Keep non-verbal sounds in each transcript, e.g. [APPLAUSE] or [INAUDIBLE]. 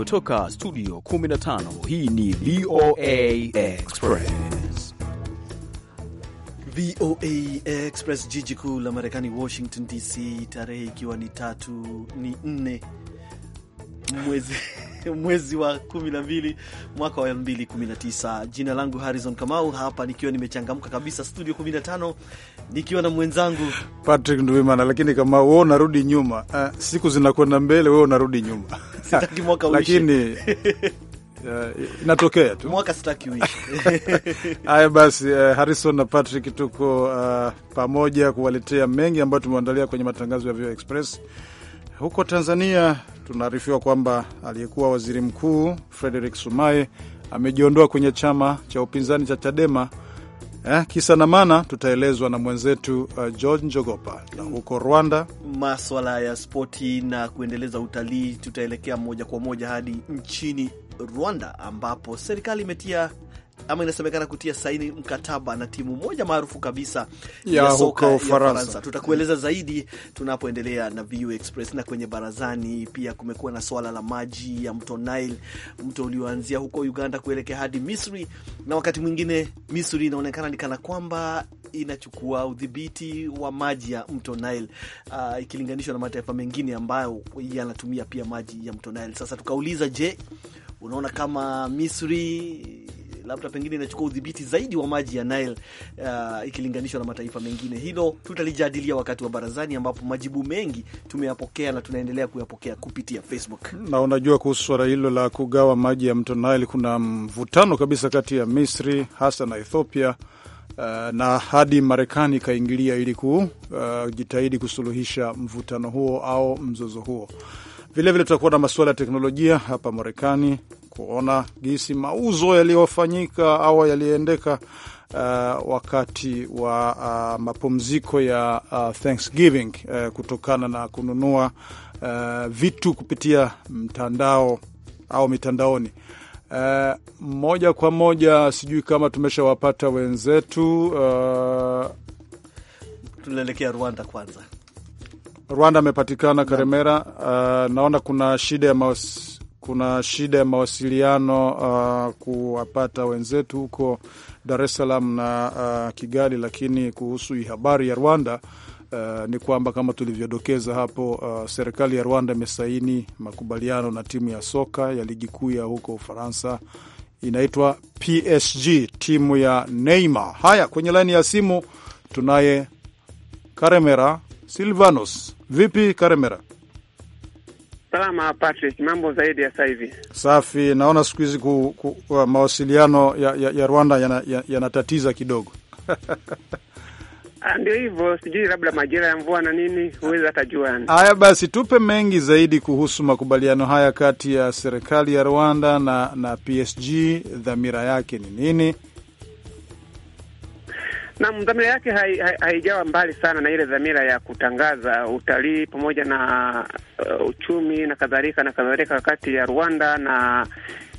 kutoka studio 15 hii ni VOA Express. VOA Express, jiji kuu la Marekani, Washington DC, tarehe ikiwa ni tatu ni nne mwezi [LAUGHS] mwezi wa 12 mwaka wa 2019. Jina langu Harrison Kamau, hapa nikiwa nimechangamka kabisa studio 15 nikiwa na mwenzangu Patrick Nduvimana. Lakini kama wewe unarudi nyuma, uh, siku zinakwenda mbele, wewe unarudi nyuma [LAUGHS] sitaki mwaka uishe lakini Uh, [LAUGHS] inatokea tu mwaka sitaki uishi. Haya basi, uh, Harrison na Patrick tuko uh, pamoja kuwaletea mengi ambayo tumeandalia kwenye matangazo ya VOA Express huko Tanzania tunaarifiwa kwamba aliyekuwa waziri mkuu Frederick Sumaye amejiondoa kwenye chama cha upinzani cha Chadema. Eh, kisa na maana tutaelezwa na mwenzetu uh, George Njogopa. Na huko Rwanda, maswala ya spoti na kuendeleza utalii, tutaelekea moja kwa moja hadi nchini Rwanda ambapo serikali imetia ama inasemekana kutia saini mkataba na timu moja maarufu kabisa ya, ya soka ya Faransa. Tutakueleza zaidi tunapoendelea na VU Express. Na kwenye barazani pia kumekuwa na swala la maji ya mto Nile, mto ulioanzia huko Uganda kuelekea hadi Misri, na wakati mwingine Misri inaonekana ni kana kwamba inachukua udhibiti wa maji ya mto Nile uh, ikilinganishwa na mataifa mengine ambayo yanatumia pia maji ya mto Nile. Sasa tukauliza, je, unaona kama Misri labda pengine inachukua udhibiti zaidi wa maji ya Nile uh, ikilinganishwa na mataifa mengine. Hilo tutalijadilia wakati wa barazani, ambapo majibu mengi tumeyapokea na tunaendelea kuyapokea kupitia Facebook. Na unajua kuhusu suala hilo la kugawa maji ya mto Nile, kuna mvutano kabisa kati ya Misri hasa na Ethiopia uh, na hadi Marekani ikaingilia ili kujitahidi uh, kusuluhisha mvutano huo au mzozo huo. Vilevile tutakuwa na masuala ya teknolojia hapa Marekani kuona gisi mauzo yaliyofanyika au yaliendeka uh, wakati wa uh, mapumziko ya uh, Thanksgiving uh, kutokana na kununua uh, vitu kupitia mtandao au mitandaoni. Uh, moja kwa moja, sijui kama tumeshawapata wenzetu uh, tunaelekea Rwanda kwanza. Rwanda amepatikana Karemera. Uh, naona kuna shida ya kuna shida ya mawasiliano uh, kuwapata wenzetu huko Dar es Salaam na uh, Kigali, lakini kuhusu hii habari ya Rwanda Uh, ni kwamba kama tulivyodokeza hapo uh, serikali ya Rwanda imesaini makubaliano na timu ya soka ya ligi kuu ya huko Ufaransa, inaitwa PSG, timu ya Neymar. Haya, kwenye laini ya simu tunaye Karemera Silvanos. Vipi Karemera? Salama Patrick, mambo zaidi ya sasa hivi? Safi, naona siku hizi uh, mawasiliano ya, ya, ya Rwanda yanatatiza ya, ya kidogo [LAUGHS] ah, Ndio hivyo, sijui labda majira ya mvua na nini, huwezi hata jua. Haya basi, tupe mengi zaidi kuhusu makubaliano haya kati ya serikali ya Rwanda na na PSG, dhamira yake ni nini? na dhamira yake haijawa hai, mbali sana na ile dhamira ya kutangaza utalii pamoja na uh, uchumi na kadhalika na kadhalika kati ya Rwanda na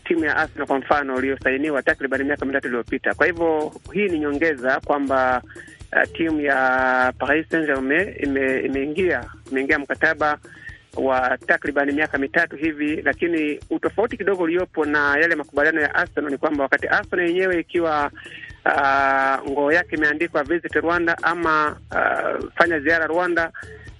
timu ya Arsenal kwa mfano iliyosainiwa takriban miaka mitatu iliyopita. Kwa hivyo hii ni nyongeza kwamba uh, timu ya Paris Saint-Germain imeingia imeingia mkataba wa takriban miaka mitatu hivi, lakini utofauti kidogo uliopo na yale makubaliano ya Arsenal ni kwamba wakati Arsenal yenyewe ikiwa uh, ngoo yake imeandikwa visit Rwanda ama uh, fanya ziara Rwanda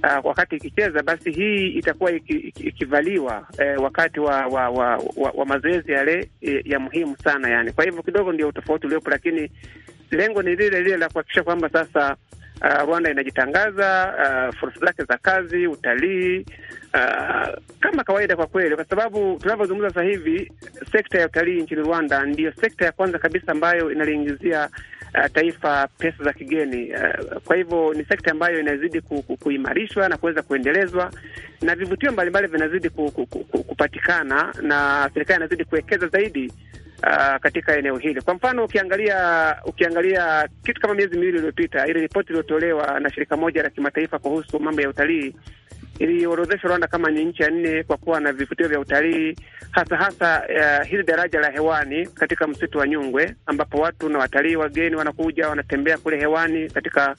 uh, wakati ikicheza, basi hii itakuwa iki, iki, ikivaliwa eh, wakati wa wa, wa, wa, wa mazoezi yale eh, ya muhimu sana yani. Kwa hivyo kidogo ndio utofauti uliopo, lakini lengo ni lile lile la kuhakikisha kwamba sasa Uh, Rwanda inajitangaza, uh, fursa zake za kazi, utalii, Uh, kama kawaida kwa kweli, kwa sababu tunavyozungumza sasa hivi sekta ya utalii nchini Rwanda ndiyo sekta ya kwanza kabisa ambayo inaliingizia uh, taifa pesa za kigeni uh, kwa hivyo ni sekta ambayo inazidi ku, ku, kuimarishwa na kuweza kuendelezwa na vivutio mbalimbali vinazidi ku, ku, ku, kupatikana na serikali inazidi kuwekeza zaidi uh, katika eneo hili. Kwa mfano, ukiangalia ukiangalia kitu kama miezi miwili iliyopita, ile ripoti iliyotolewa na shirika moja la kimataifa kuhusu mambo ya utalii iliorodhesha Rwanda kama ni nchi ya nne kwa kuwa na vivutio vya utalii hasa hasa uh, hili daraja la hewani katika msitu wa Nyungwe ambapo watu na watalii wageni wanakuja wanatembea kule hewani katika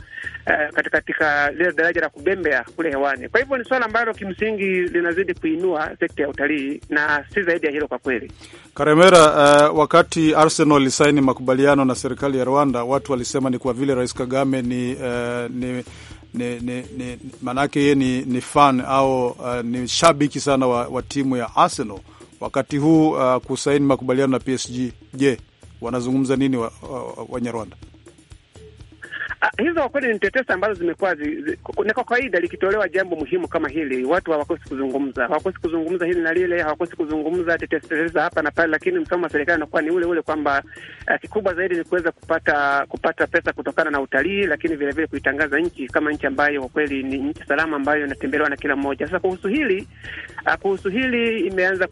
uh, katika katika lile daraja la kubembea kule hewani. Kwa hivyo ni swala ambalo kimsingi linazidi kuinua sekta ya utalii na si zaidi ya hilo kwa kweli. Karemera, uh, wakati Arsenal ilisaini makubaliano na serikali ya Rwanda, watu walisema ni kwa vile Rais Kagame ni, uh, ni ni, ni, ni, maanake yeye ni, ni fan au uh, ni shabiki sana wa, wa timu ya Arsenal wakati huu uh, kusaini makubaliano na PSG. Je, wanazungumza nini Wanyarwanda wa, wa Ah, hizo kwa kweli ni tetesi ambazo zimekuwa zi, na kwa kawaida likitolewa jambo muhimu kama hili watu hawakosi kuzungumza, hawakosi kuzungumza hili na lile, hawakosi kuzungumza tetesi tetesi hapa na pale, lakini msimamo wa serikali unakuwa ni ule ule kwamba uh, kikubwa zaidi ni kuweza kupata kupata pesa kutokana na utalii, lakini vile vile kuitangaza nchi kama nchi ambayo kwa kweli ni nchi salama ambayo inatembelewa na kila mmoja. Sasa kuhusu hili uh, kuhusu hili imeanza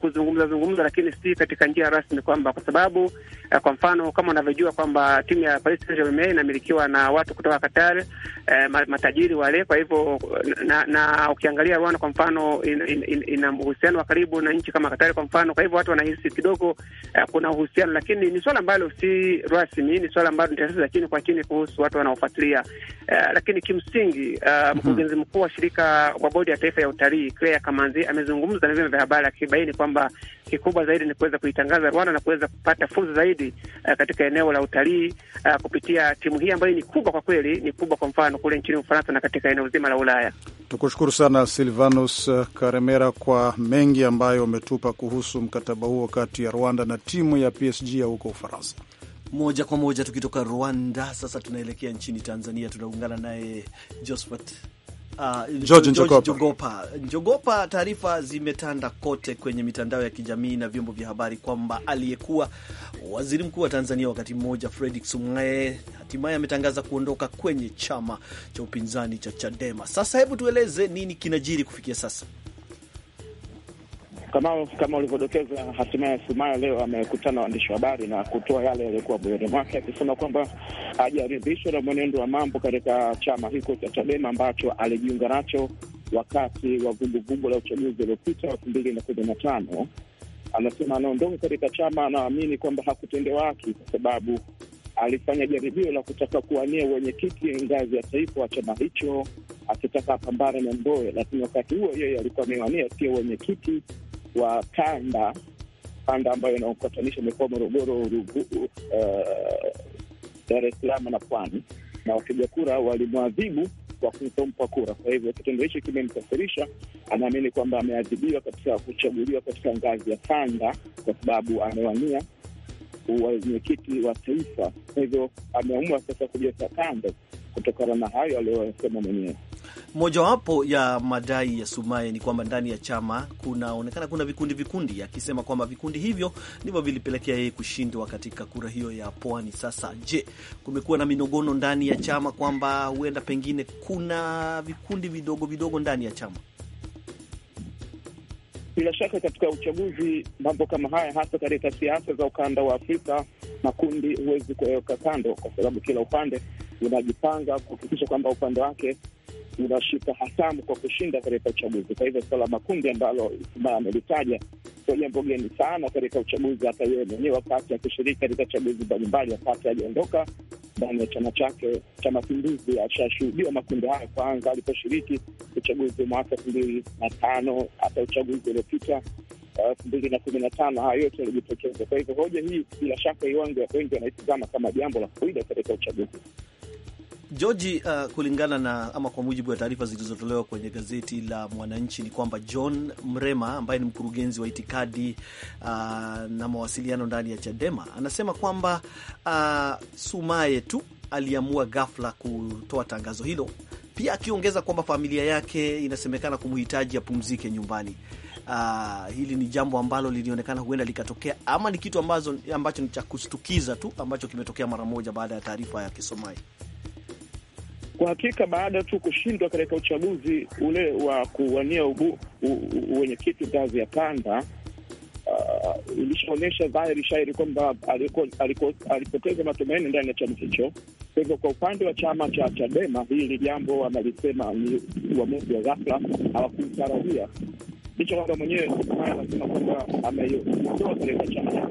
kuzungumza zungumza, lakini si katika njia rasmi kwamba kwa sababu uh, kwa mfano kama unavyojua kwamba timu ya Paris Saint-Germain inamilikiwa wakiwa na watu kutoka Qatar eh, matajiri wale. Kwa hivyo na, na ukiangalia Rwanda kwa mfano ina in, in, in, uhusiano wa karibu na nchi kama Qatar kwa mfano. Kwa hivyo watu wanahisi kidogo eh, kuna uhusiano, lakini ni swala ambalo si rasmi, ni swala ambalo ni taasisi za kwa chini kuhusu watu wanaofuatilia eh, lakini kimsingi eh, mhm. mkurugenzi mkuu wa shirika wa bodi ya taifa ya utalii Claire Kamanzi amezungumza na vyombo vya habari akibaini kwamba kikubwa zaidi ni kuweza kuitangaza Rwanda na kuweza kupata fursa zaidi uh, katika eneo la utalii uh, kupitia timu hii ambayo ni kubwa kwa kweli, ni kubwa kwa mfano kule nchini Ufaransa na katika eneo zima la Ulaya. Tukushukuru sana Silvanus Karemera kwa mengi ambayo umetupa kuhusu mkataba huo kati ya Rwanda na timu ya PSG ya huko Ufaransa. Moja kwa moja tukitoka Rwanda sasa tunaelekea nchini Tanzania, tunaungana naye Josphat Uh, George Njogopa. Njogopa, Njogopa, taarifa zimetanda kote kwenye mitandao ya kijamii na vyombo vya habari kwamba aliyekuwa waziri mkuu wa Tanzania wakati mmoja Fredrick Sumaye hatimaye ametangaza kuondoka kwenye chama cha upinzani cha Chadema. Sasa hebu tueleze nini kinajiri kufikia sasa? kama kama ulivyodokeza, hatimaye Sumaya leo amekutana waandishi wa habari na kutoa yale yaliyokuwa moyoni mwake, akisema kwamba hajaridhishwa na mwenendo wa mambo katika chama hiko cha Chadema ambacho alijiunga nacho wakati wa vuguvugu la uchaguzi uliopita elfu mbili na kumi na tano. Anasema anaondoka katika chama, anaamini kwamba hakutendewa haki kwa sababu alifanya jaribio la kutaka kuwania wenyekiti ngazi ya taifa wa chama hicho akitaka apambane na Mbowe, lakini wakati huo yeye alikuwa amewania sio wenyekiti wa kanda kanda ambayo inaokutanisha mikoa Morogoro, Rugu, eh, Dar es Salaam na Pwani, na wapiga kura walimwadhibu kwa kutompa kura. Kwa hivyo kitendo hicho kimemkasirisha, anaamini kwamba ameadhibiwa katika kuchaguliwa katika ngazi ya kanda, kwa sababu amewania uwenyekiti wa taifa. Kwa hivyo ameamua sasa kujeta kando kutokana na hayo aliyosema mwenyewe. Mojawapo ya madai ya Sumaye ni kwamba ndani ya chama kunaonekana kuna vikundi vikundi, akisema kwamba vikundi hivyo ndivyo vilipelekea yeye kushindwa katika kura hiyo ya Pwani. Sasa je, kumekuwa na minogono ndani ya chama kwamba huenda pengine kuna vikundi vidogo vidogo ndani ya chama? Bila shaka katika uchaguzi mambo kama haya, hasa katika siasa za ukanda wa Afrika, makundi huwezi kuweka kando, kwa sababu kila upande unajipanga kuhakikisha kwamba upande wake unashika hatamu kwa kushinda katika uchaguzi. Kwa hivyo suala la makundi ambalo Ismaa amelitaja sio jambo geni sana katika uchaguzi. Hata yeye mwenyewe wakati akishiriki katika chaguzi mbalimbali, wakati aliondoka ndani ya chama chake cha Mapinduzi, ashashuhudiwa makundi hayo. Kwanza aliposhiriki uchaguzi wa mwaka elfu mbili na tano hata uchaguzi uliopita uh, elfu mbili na kumi na tano haya yote yalijitokeza. Kwa hivyo hoja hii bila shaka iwange, wengi wanaitizama kama jambo la kawaida katika uchaguzi. Georgi, uh, kulingana na ama kwa mujibu wa taarifa zilizotolewa kwenye gazeti la Mwananchi ni kwamba John Mrema ambaye ni mkurugenzi wa itikadi uh, na mawasiliano ndani ya Chadema anasema kwamba uh, Sumaye tu aliamua ghafla kutoa tangazo hilo, pia akiongeza kwamba familia yake inasemekana kumhitaji apumzike nyumbani. Uh, hili ni jambo ambalo lilionekana huenda likatokea ama ni kitu ambazo, ambacho ni cha kushtukiza tu ambacho kimetokea mara moja baada ya taarifa ya Kisomai. Kwa hakika baada tu kushindwa katika uchaguzi ule wa kuwania uwenyekiti ngazi ya kanda uh, ilishaonyesha dhahiri shairi kwamba alipoteza matumaini ndani ya chama hicho. Kwa hivyo kwa upande wa chama cha Chadema, hili jambo wamalisema ni uamuzi wa ghafla, hawakutarajia licha kwamba mwenyewe anasema kwamba ameiondoa katika chama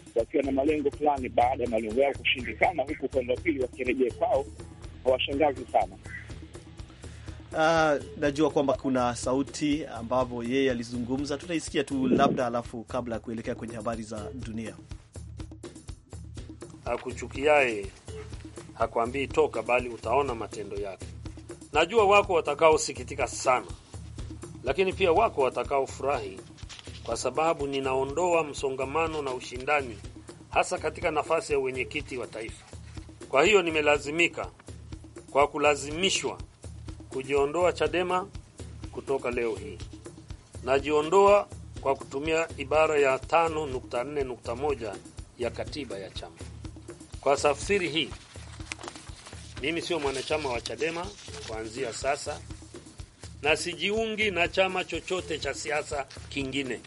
wakiwa na malengo fulani, baada ya malengo yao kushindikana, huku upande wa pili wakirejea kwao, hawashangazi sana. Uh, najua kwamba kuna sauti ambavyo yeye alizungumza, tutaisikia tu labda, alafu kabla ya kuelekea kwenye habari za dunia. Akuchukiaye hakwambii toka, bali utaona matendo yake. Najua wako watakaosikitika sana, lakini pia wako watakaofurahi kwa sababu ninaondoa msongamano na ushindani, hasa katika nafasi ya wenyekiti wa taifa. Kwa hiyo nimelazimika kwa kulazimishwa kujiondoa Chadema kutoka leo hii. Najiondoa kwa kutumia ibara ya 5.4.1 ya katiba ya chama. Kwa tafsiri hii, mimi sio mwanachama wa Chadema kuanzia sasa na sijiungi na chama chochote cha siasa kingine.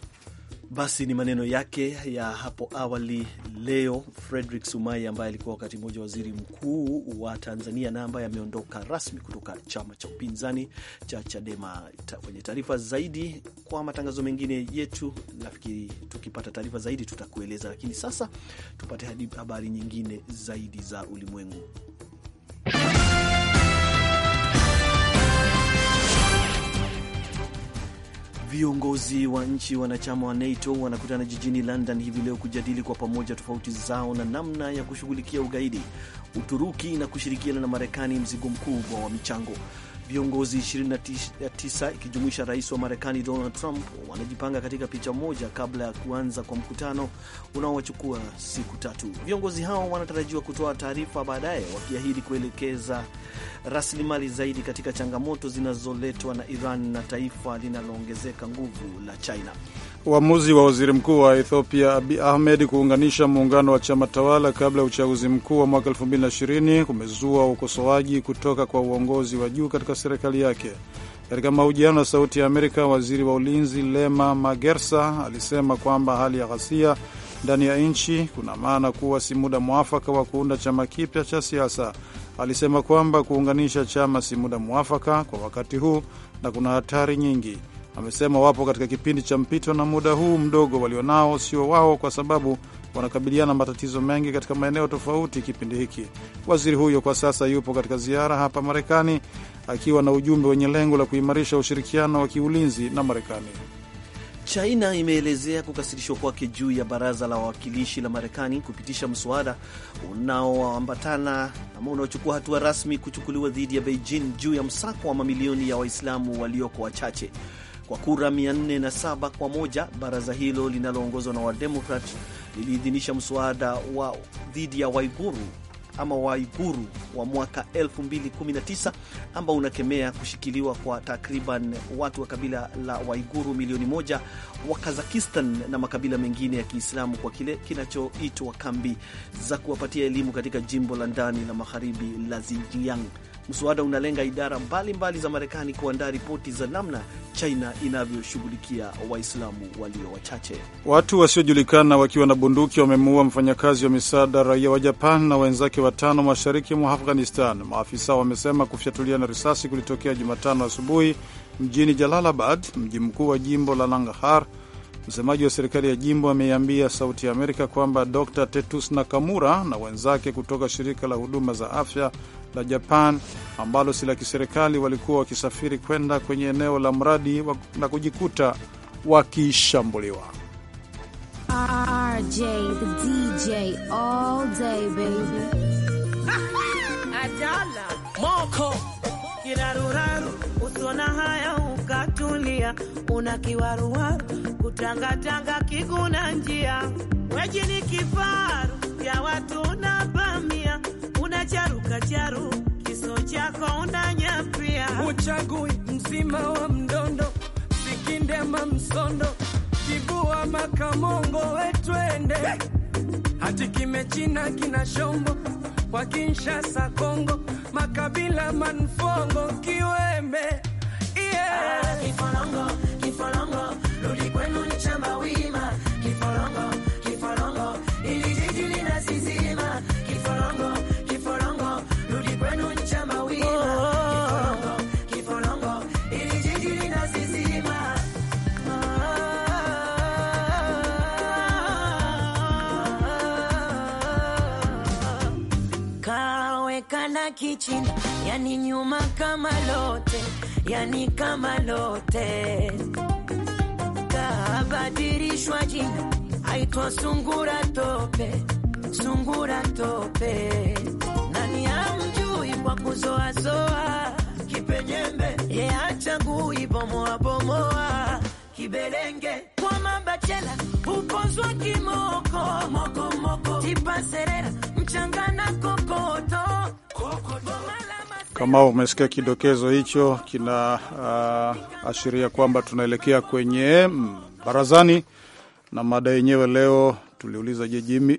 Basi ni maneno yake ya hapo awali leo, Frederick sumai ambaye alikuwa wakati mmoja waziri mkuu wa Tanzania na ambaye ameondoka rasmi kutoka chama cha upinzani cha Chadema. Kwenye taarifa zaidi kwa matangazo mengine yetu, nafikiri tukipata taarifa zaidi tutakueleza, lakini sasa tupate habari nyingine zaidi za ulimwengu. Viongozi wa nchi wanachama wa NATO wanakutana jijini London hivi leo kujadili kwa pamoja tofauti zao na namna ya kushughulikia ugaidi. Uturuki na kushirikiana na Marekani mzigo mkubwa wa michango. Viongozi 29 ikijumuisha rais wa Marekani Donald Trump wanajipanga katika picha moja kabla ya kuanza kwa mkutano unaowachukua siku tatu. Viongozi hao wanatarajiwa kutoa taarifa baadaye, wakiahidi kuelekeza rasilimali zaidi katika changamoto zinazoletwa na Iran na taifa linaloongezeka nguvu la China. Uamuzi wa waziri mkuu wa Ethiopia Abi Ahmed kuunganisha muungano wa chama tawala kabla ya uchaguzi mkuu wa mwaka 2020 kumezua ukosoaji kutoka kwa uongozi wa juu katika serikali yake. Katika mahojiano na Sauti ya Amerika, waziri wa ulinzi Lema Magersa alisema kwamba hali ya ghasia ndani ya nchi kuna maana kuwa si muda mwafaka wa kuunda chama kipya cha siasa. Alisema kwamba kuunganisha chama si muda mwafaka kwa wakati huu na kuna hatari nyingi amesema wapo katika kipindi cha mpito na muda huu mdogo walionao sio wao, kwa sababu wanakabiliana matatizo mengi katika maeneo tofauti kipindi hiki. Waziri huyo kwa sasa yupo katika ziara hapa Marekani akiwa na ujumbe wenye lengo la kuimarisha ushirikiano wa kiulinzi na Marekani. China imeelezea kukasirishwa kwake juu ya baraza la wawakilishi la Marekani kupitisha mswada unaoambatana ama unaochukua hatua rasmi kuchukuliwa dhidi ya Beijing juu ya msako wa mamilioni ya Waislamu walioko wachache kwa kura 407 kwa moja. Baraza hilo linaloongozwa na Wademokrat liliidhinisha mswada wa dhidi ya Waiguru ama Waiguru wa mwaka 2019 ambao unakemea kushikiliwa kwa takriban watu wa kabila la Waiguru milioni moja wa Kazakistan na makabila mengine ya Kiislamu kwa kile kinachoitwa kambi za kuwapatia elimu katika jimbo la ndani la magharibi la Xinjiang. Mswada unalenga idara mbalimbali mbali za Marekani kuandaa ripoti za namna China inavyoshughulikia Waislamu walio wachache. Watu wasiojulikana wakiwa na bunduki wamemuua mfanyakazi wa misaada raia wa Japan na wenzake watano mashariki mwa Afghanistan. Maafisa wamesema kufyatuliana risasi kulitokea Jumatano asubuhi mjini Jalalabad, mji mkuu wa jimbo la nangahar Msemaji wa serikali ya jimbo ameiambia Sauti ya Amerika kwamba Dr Tetus Nakamura na wenzake kutoka shirika la huduma za afya la Japan ambalo si la kiserikali walikuwa wakisafiri kwenda kwenye eneo la mradi na kujikuta wakishambuliwa. RJ kutangatanga njia kifaru ya watu na bamia charu kiso chako unanyapia. Uchagui mzima wa mdondo, Sikinde Msondo, Kivua makamongo wetwende Hati kimechina kina shombo kwa Kinshasa Kongo, makabila manfongo kiwembe yeah. ah, kifolongo, kifolongo, kitchen, yani nyuma kama lote, yani kama lote. Kabadirishwa jina, aitwa sungura tope, sungura tope. Nani amjui kwa kuzoazoa kipenyembe, ye achagui bomoa bomoa kibelenge kwa mabachela hupozwa kimoko moko moko tipa serera mchanga na kokoti kama umesikia kidokezo hicho, kina uh, kwamba tunaelekea kwenye mm, barazani na mada yenyewe leo tuliuliza, je, mi,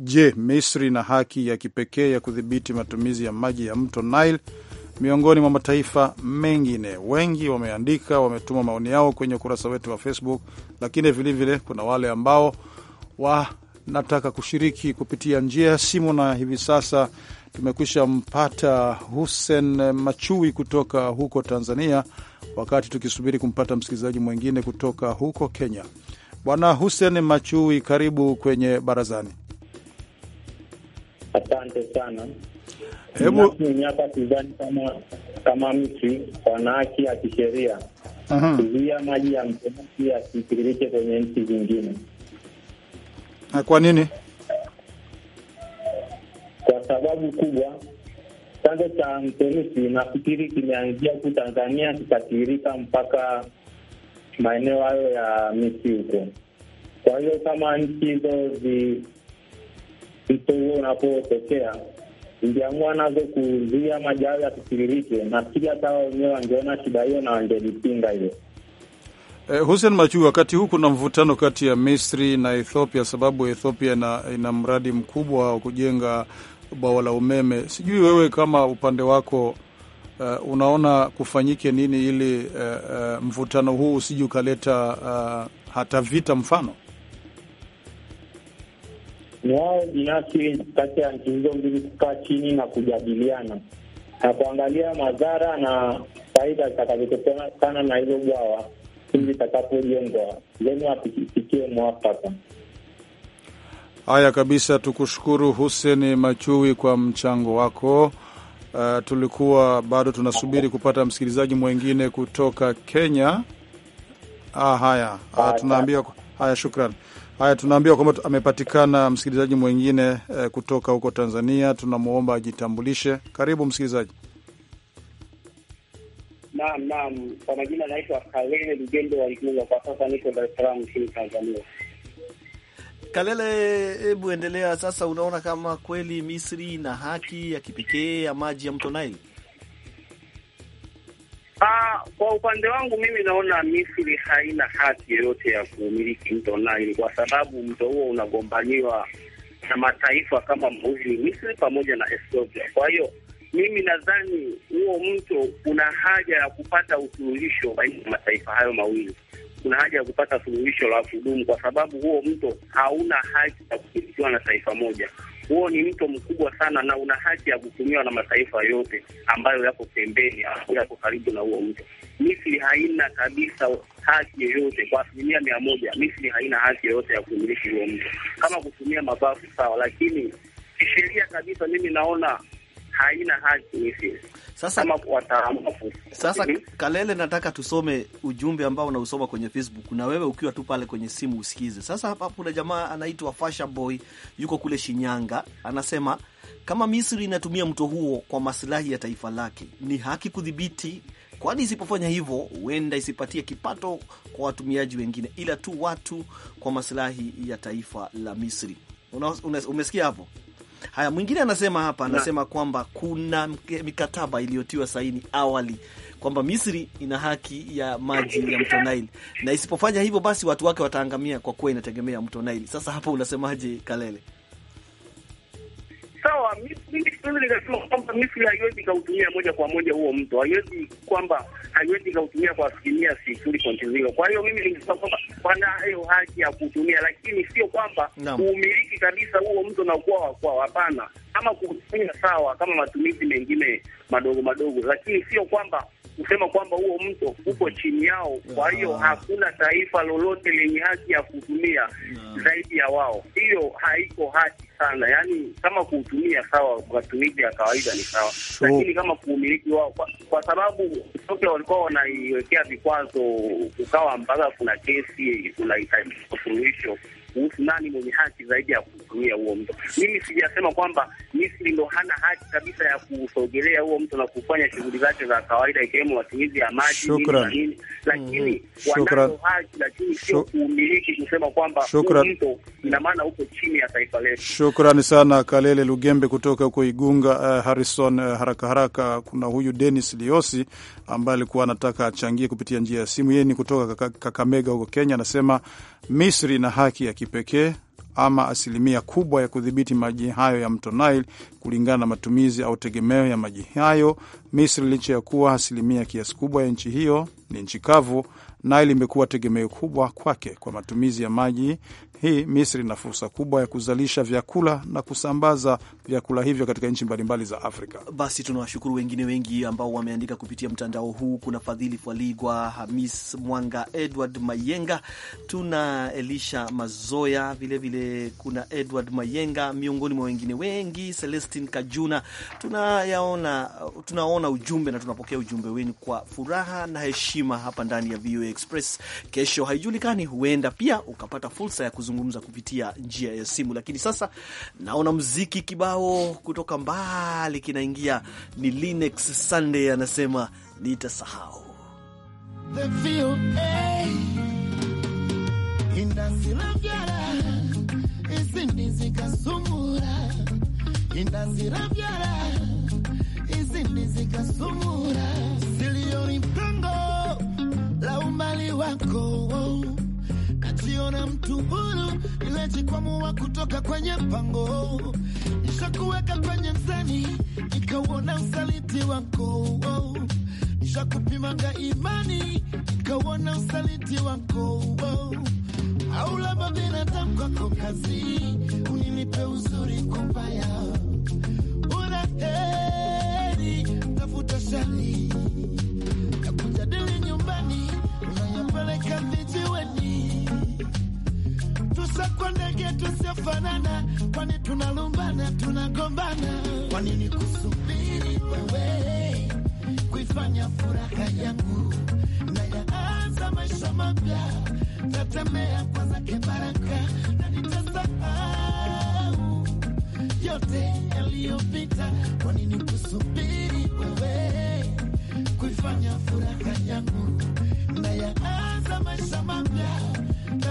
je, Misri na haki ya kipekee ya kudhibiti matumizi ya maji ya mto Nile miongoni mwa mataifa mengine. Wengi wameandika, wametuma maoni yao kwenye ukurasa wetu wa Facebook, lakini vilevile kuna wale ambao wanataka kushiriki kupitia njia ya simu, na hivi sasa Tumekwisha mpata Hussein Machui kutoka huko Tanzania, wakati tukisubiri kumpata msikilizaji mwingine kutoka huko Kenya. Bwana Hussein Machui, karibu kwenye barazani. Asante sana. Hebu hapa sidhani kama kama mtu ana haki ya kisheria kuzuia maji ya mfereji yasitiririke kwenye nchi zingine. Kwa nini? kwa sababu kubwa chanzo cha mterusi nafikiri kimeanzia huku Tanzania kikatiirika mpaka maeneo hayo ya miti huko. Kwa hiyo kama nchi hizo zi mto huo unapotokea ingeamua nazo kuzuia maji hayo yasitiririke, nafikiri hata wao wenyewe wangeona shida hiyo na wangelipinga hiyo. Eh, Hussein Machu, wakati huu kuna mvutano kati ya Misri na Ethiopia, sababu Ethiopia ina, ina mradi mkubwa wa kujenga bwawa la umeme. Sijui wewe kama upande wako uh, unaona kufanyike nini ili uh, uh, mvutano huu usiji ukaleta uh, hata vita mfano wao binafsi kati ya nchi hizo mbili kukaa chini na kujadiliana na kuangalia madhara na faida zitakavyotokana na hizo bwawa hizi zitakapojengwa, then wafikie mwafaka. Haya kabisa, tukushukuru huseni Machui kwa mchango wako. Uh, tulikuwa bado tunasubiri kupata msikilizaji mwengine kutoka Kenya. Ah, haya ah, tunaambia haya, shukran. Haya, tunaambia kwamba amepatikana msikilizaji mwengine eh, kutoka huko Tanzania. Tunamwomba ajitambulishe. Karibu msikilizaji. Naam, naam, kwa majina naitwa Kalele Lugendo wa Igunga, kwa sasa niko Dar es Salaam nchini Tanzania. Kalele, hebu endelea sasa. Unaona kama kweli Misri ina haki ya kipekee ya maji ya mto Nile? Ah, kwa upande wangu mimi naona Misri haina haki yoyote ya kumiliki mto Nile kwa sababu mto huo unagombaniwa na mataifa kama mauzi Misri pamoja na Ethiopia. Kwa hiyo mimi nadhani huo mto una haja ya kupata usuluhisho baina ya mataifa hayo mawili kuna haja ya kupata suluhisho la kudumu, kwa sababu huo mto hauna haki ya kumilikiwa na taifa moja. Huo ni mto mkubwa sana na una haki ya kutumiwa na mataifa yote ambayo yako pembeni au yako karibu na huo mto. Misri haina kabisa haki yoyote kwa asilimia mia moja. Misri haina haki yoyote ya kumiliki huo mto, kama kutumia mabavu sawa, lakini kisheria kabisa mimi naona haina haki. Sasa sasa, mhm. Kalele, nataka tusome ujumbe ambao unausoma kwenye Facebook na wewe ukiwa tu pale kwenye simu usikize. Sasa hapa kuna jamaa anaitwa Fasha Boy, yuko kule Shinyanga, anasema kama Misri inatumia mto huo kwa maslahi ya taifa lake ni haki kudhibiti, kwani isipofanya hivyo huenda isipatie kipato kwa watumiaji wengine, ila tu watu kwa maslahi ya taifa la Misri. Una, una, umesikia hapo? Haya, mwingine anasema hapa, anasema kwamba kuna mikataba iliyotiwa saini awali kwamba Misri ina haki ya maji ya mto Nile na isipofanya hivyo, basi watu wake wataangamia kwa kuwa inategemea mto Nile. Sasa hapo unasemaje, Kalele? mimi nikasema kwamba Misri haiwezi ikautumia moja kwa moja huo mto, haiwezi kwamba haiwezi ikautumia kwa asilimia sifuri pointi zero. Kwa hiyo mimi nikasema kwamba wanayo haki ya kutumia lakini sio kwamba kuumiliki kabisa huo mto na kuwa wakwao, hapana. Kama kutumia sawa, kama matumizi mengine madogo madogo, lakini sio kwamba kusema kwamba huo mto uko mm-hmm. chini yao. Kwa hiyo ah. hakuna taifa lolote lenye haki ya kutumia zaidi ya wao, hiyo haiko haki sana, yani kama kuutumia sawa, matumizi ya kawaida ni sawa so, lakini kama kuumiliki wao kwa, kwa sababu Ethiopia walikuwa wanaiwekea vikwazo, ukawa mpaka kuna kesi kuna suluhisho kuhusu nani mwenye haki zaidi ya kutumia huo mto. Mimi sijasema kwamba Misri ndo hana haki kabisa ya kusogelea huo mto na kufanya shughuli zake za kawaida, ikiwemo matumizi ya maji na nini, lakini mm-hmm. wanayo haki, lakini sio kuumiliki, kusema kwamba huu mto ina maana uko chini ya taifa letu. Shukrani sana Kalele Lugembe kutoka huko Igunga. Uh, Harrison, uh, haraka haraka, kuna huyu Dennis Liosi ambaye alikuwa anataka achangie kupitia njia ya simu. Yeye ni kutoka Kakamega huko Kenya, anasema Misri na haki ya kipekee ama asilimia kubwa ya kudhibiti maji hayo ya mto Nile kulingana na matumizi au tegemeo ya maji hayo. Misri, licha ya kuwa asilimia kiasi kubwa ya nchi hiyo ni nchi kavu, Nile imekuwa tegemeo kubwa kwake kwa matumizi ya maji hii Misri ina fursa kubwa ya kuzalisha vyakula na kusambaza vyakula hivyo katika nchi mbalimbali za Afrika. Basi tunawashukuru wengine wengi ambao wameandika kupitia mtandao huu. Kuna Fadhili Fwaligwa, Hamis Mwanga, Edward Mayenga, tuna Elisha Mazoya vilevile vile, kuna Edward Mayenga miongoni mwa wengine wengi, Celestin Kajuna. Tunayaona, tunaona ujumbe na tunapokea ujumbe wenu kwa furaha na heshima hapa ndani ya VOA Express. Kesho haijulikani, huenda pia ukapata fursa ya kuzungumza kuzungumza kupitia njia ya simu, lakini sasa naona mziki kibao kutoka mbali kinaingia. Ni Linux Sunday anasema nitasahau silioni la umbali wako siona mtu huru ile kutoka kwenye pango nishakuweka kwenye mzani nikauona usaliti wako nishakupimanga imani nikauona usaliti wako au laba binadamu kwako kazi uninipe uzuri kumbaya una Sasa kwa ndege tusiofanana, kwani tunalumbana, tunagombana. Kwa nini kusubiri wewe kuifanya furaha yangu na yaanza maisha mapya? Tatemea kwanza kibaraka na nitasahau yote yaliyopita. Kwa nini kusubiri wewe kuifanya furaha yangu na yaanza maisha mapya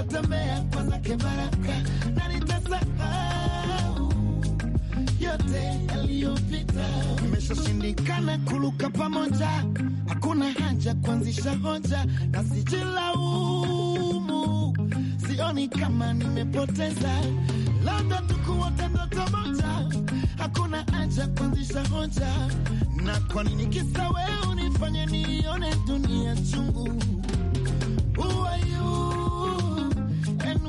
nitatembea kwa zake baraka na nitasahau yote yaliyopita. Imeshashindikana kuluka pamoja, hakuna haja kuanzisha hoja na sijilaumu, sioni kama nimepoteza, labda tukuota ndoto moja, hakuna haja kuanzisha hoja. Na kwa nini kisa wewe unifanye nione dunia chungu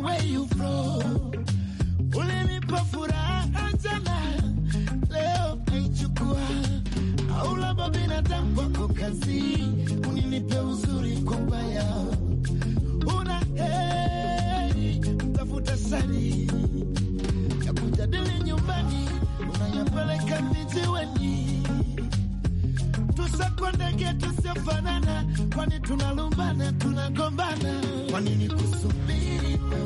where furaha jana, leo naichukua. Aula babinadamu wako kazi, uninipe uzuri kwa Una heri tafuta sari ya kujadili nyumbani, unayapeleka vijiweni Tusakwa ndege tusiofanana, kwani tunalumbana, tunagombana, kwa nini kusubiri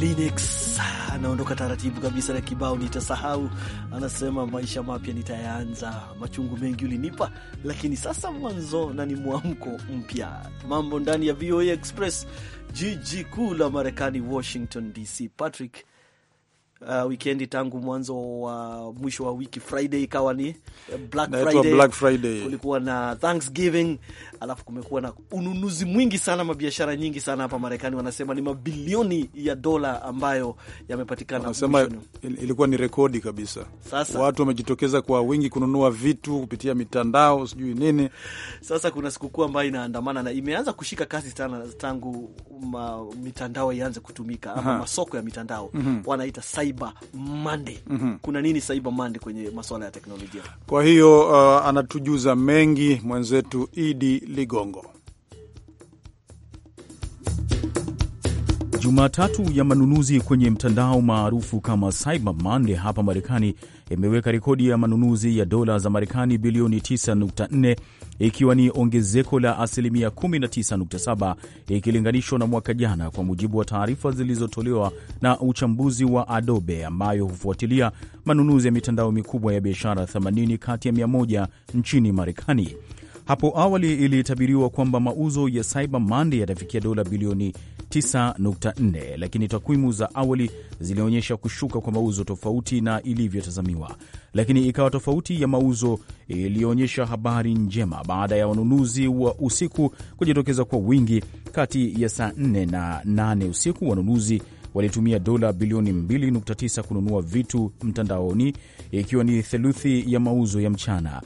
Linux anaondoka taratibu kabisa na kibao nitasahau. Anasema maisha mapya nitayaanza, machungu mengi ulinipa, lakini sasa mwanzo na ni mwamko mpya. Mambo ndani ya VOA Express, jiji kuu la Marekani, Washington DC. Patrick uh, wikendi tangu mwanzo wa uh, mwisho wa wiki Friday ikawa ni Black Friday. Black Friday kulikuwa na Thanksgiving, alafu kumekuwa na ununuzi mwingi sana, mabiashara nyingi sana hapa Marekani. Wanasema ni mabilioni ya dola ambayo yamepatikana, wanasema ilikuwa ni rekodi kabisa. Sasa watu wamejitokeza kwa wingi kununua vitu kupitia mitandao sijui nini. Sasa kuna sikukuu ambayo inaandamana na imeanza kushika kasi sana tangu ma, mitandao ianze kutumika ama masoko ya mitandao mm -hmm. wanaita cyber Cyber Monday. mm -hmm. Kuna nini Cyber Monday kwenye masuala ya teknolojia? Kwa hiyo uh, anatujuza mengi mwenzetu Idi Ligongo. Jumatatu ya manunuzi kwenye mtandao maarufu kama Cyber Monday hapa Marekani imeweka rekodi ya manunuzi ya dola za Marekani bilioni 9.4 ikiwa ni ongezeko la asilimia 19.7 ikilinganishwa na mwaka jana, kwa mujibu wa taarifa zilizotolewa na uchambuzi wa Adobe ambayo hufuatilia manunuzi ya mitandao mikubwa ya biashara 80 kati ya 100 nchini Marekani. Hapo awali ilitabiriwa kwamba mauzo ya Cyber Monday yatafikia dola bilioni 9.4, lakini takwimu za awali zilionyesha kushuka kwa mauzo tofauti na ilivyotazamiwa, lakini ikawa tofauti ya mauzo iliyoonyesha habari njema baada ya wanunuzi wa usiku kujitokeza kwa wingi. Kati ya saa 4 na 8 usiku wanunuzi walitumia dola bilioni 2.9 kununua vitu mtandaoni, ikiwa ni theluthi ya mauzo ya mchana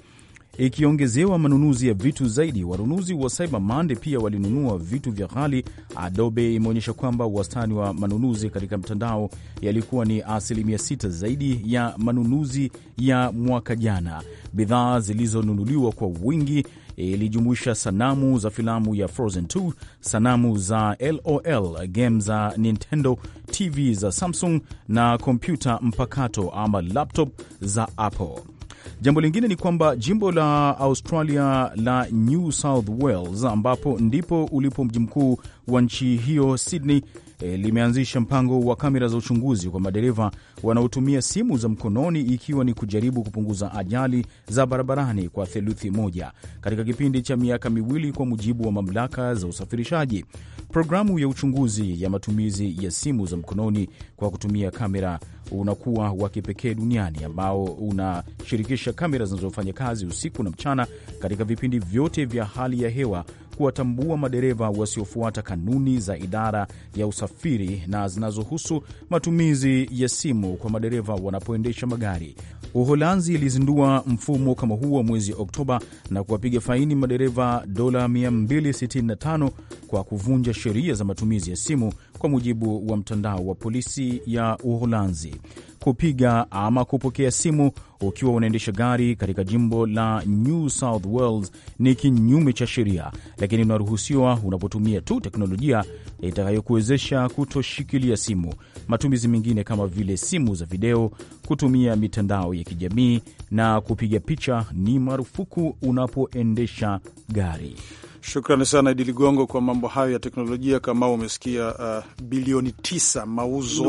ikiongezewa manunuzi ya vitu zaidi. Wanunuzi wa Cyber Monday pia walinunua vitu vya ghali. Adobe imeonyesha kwamba wastani wa manunuzi katika mtandao yalikuwa ni asilimia sita zaidi ya manunuzi ya mwaka jana. Bidhaa zilizonunuliwa kwa wingi ilijumuisha sanamu za filamu ya Frozen 2, sanamu za LOL, game za Nintendo, TV za Samsung na kompyuta mpakato ama laptop za Apple. Jambo lingine ni kwamba jimbo la Australia la New South Wales, ambapo ndipo ulipo mji mkuu wa nchi hiyo Sydney, e, limeanzisha mpango wa kamera za uchunguzi kwa madereva wanaotumia simu za mkononi, ikiwa ni kujaribu kupunguza ajali za barabarani kwa theluthi moja katika kipindi cha miaka miwili, kwa mujibu wa mamlaka za usafirishaji. Programu ya uchunguzi ya matumizi ya simu za mkononi kwa kutumia kamera unakuwa wa kipekee duniani ambao unashirikisha kamera zinazofanya kazi usiku na mchana katika vipindi vyote vya hali ya hewa kuwatambua madereva wasiofuata kanuni za idara ya usafiri na zinazohusu matumizi ya simu kwa madereva wanapoendesha magari. Uholanzi ilizindua mfumo kama huo mwezi Oktoba na kuwapiga faini madereva dola 265 kwa kuvunja sheria za matumizi ya simu, kwa mujibu wa mtandao wa polisi ya Uholanzi kupiga ama kupokea simu ukiwa unaendesha gari katika jimbo la New South Wales ni kinyume cha sheria, lakini unaruhusiwa unapotumia tu teknolojia itakayokuwezesha kutoshikilia simu. Matumizi mengine kama vile simu za video, kutumia mitandao ya kijamii na kupiga picha ni marufuku unapoendesha gari. Shukrani sana Idi Ligongo kwa mambo hayo ya teknolojia. Kama umesikia, uh, bilioni tisa mauzo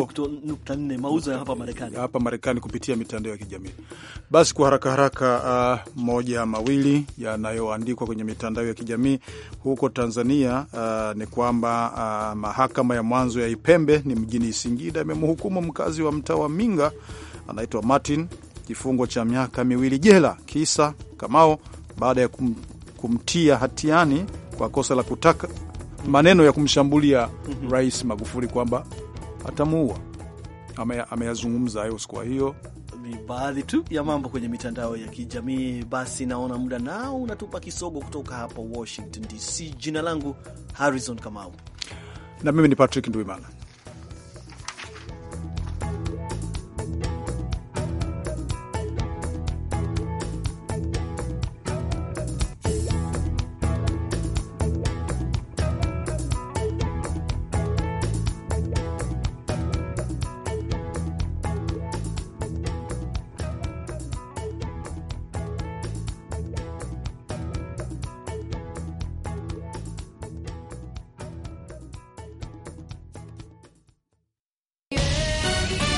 nukta nne, mauzo ya hapa Marekani, hapa Marekani kupitia mitandao ya kijamii. Basi kwa haraka haraka, uh, moja mawili yanayoandikwa kwenye mitandao ya kijamii huko Tanzania uh, ni kwamba uh, mahakama ya mwanzo ya Ipembe ni mjini Singida imemhukumu mkazi wa mtaa wa Minga anaitwa Martin kifungo cha miaka miwili jela, kisa kamao baada ya kum kumtia hatiani kwa kosa la kutaka maneno ya kumshambulia mhm. Rais Magufuli kwamba atamuua. Ameyazungumza hayo siku hiyo ni baadhi tu ya mambo kwenye mitandao ya kijamii. Basi naona muda nao unatupa kisogo. Kutoka hapa Washington DC, jina langu Harrison Kamau na mimi ni Patrick Ndwimana.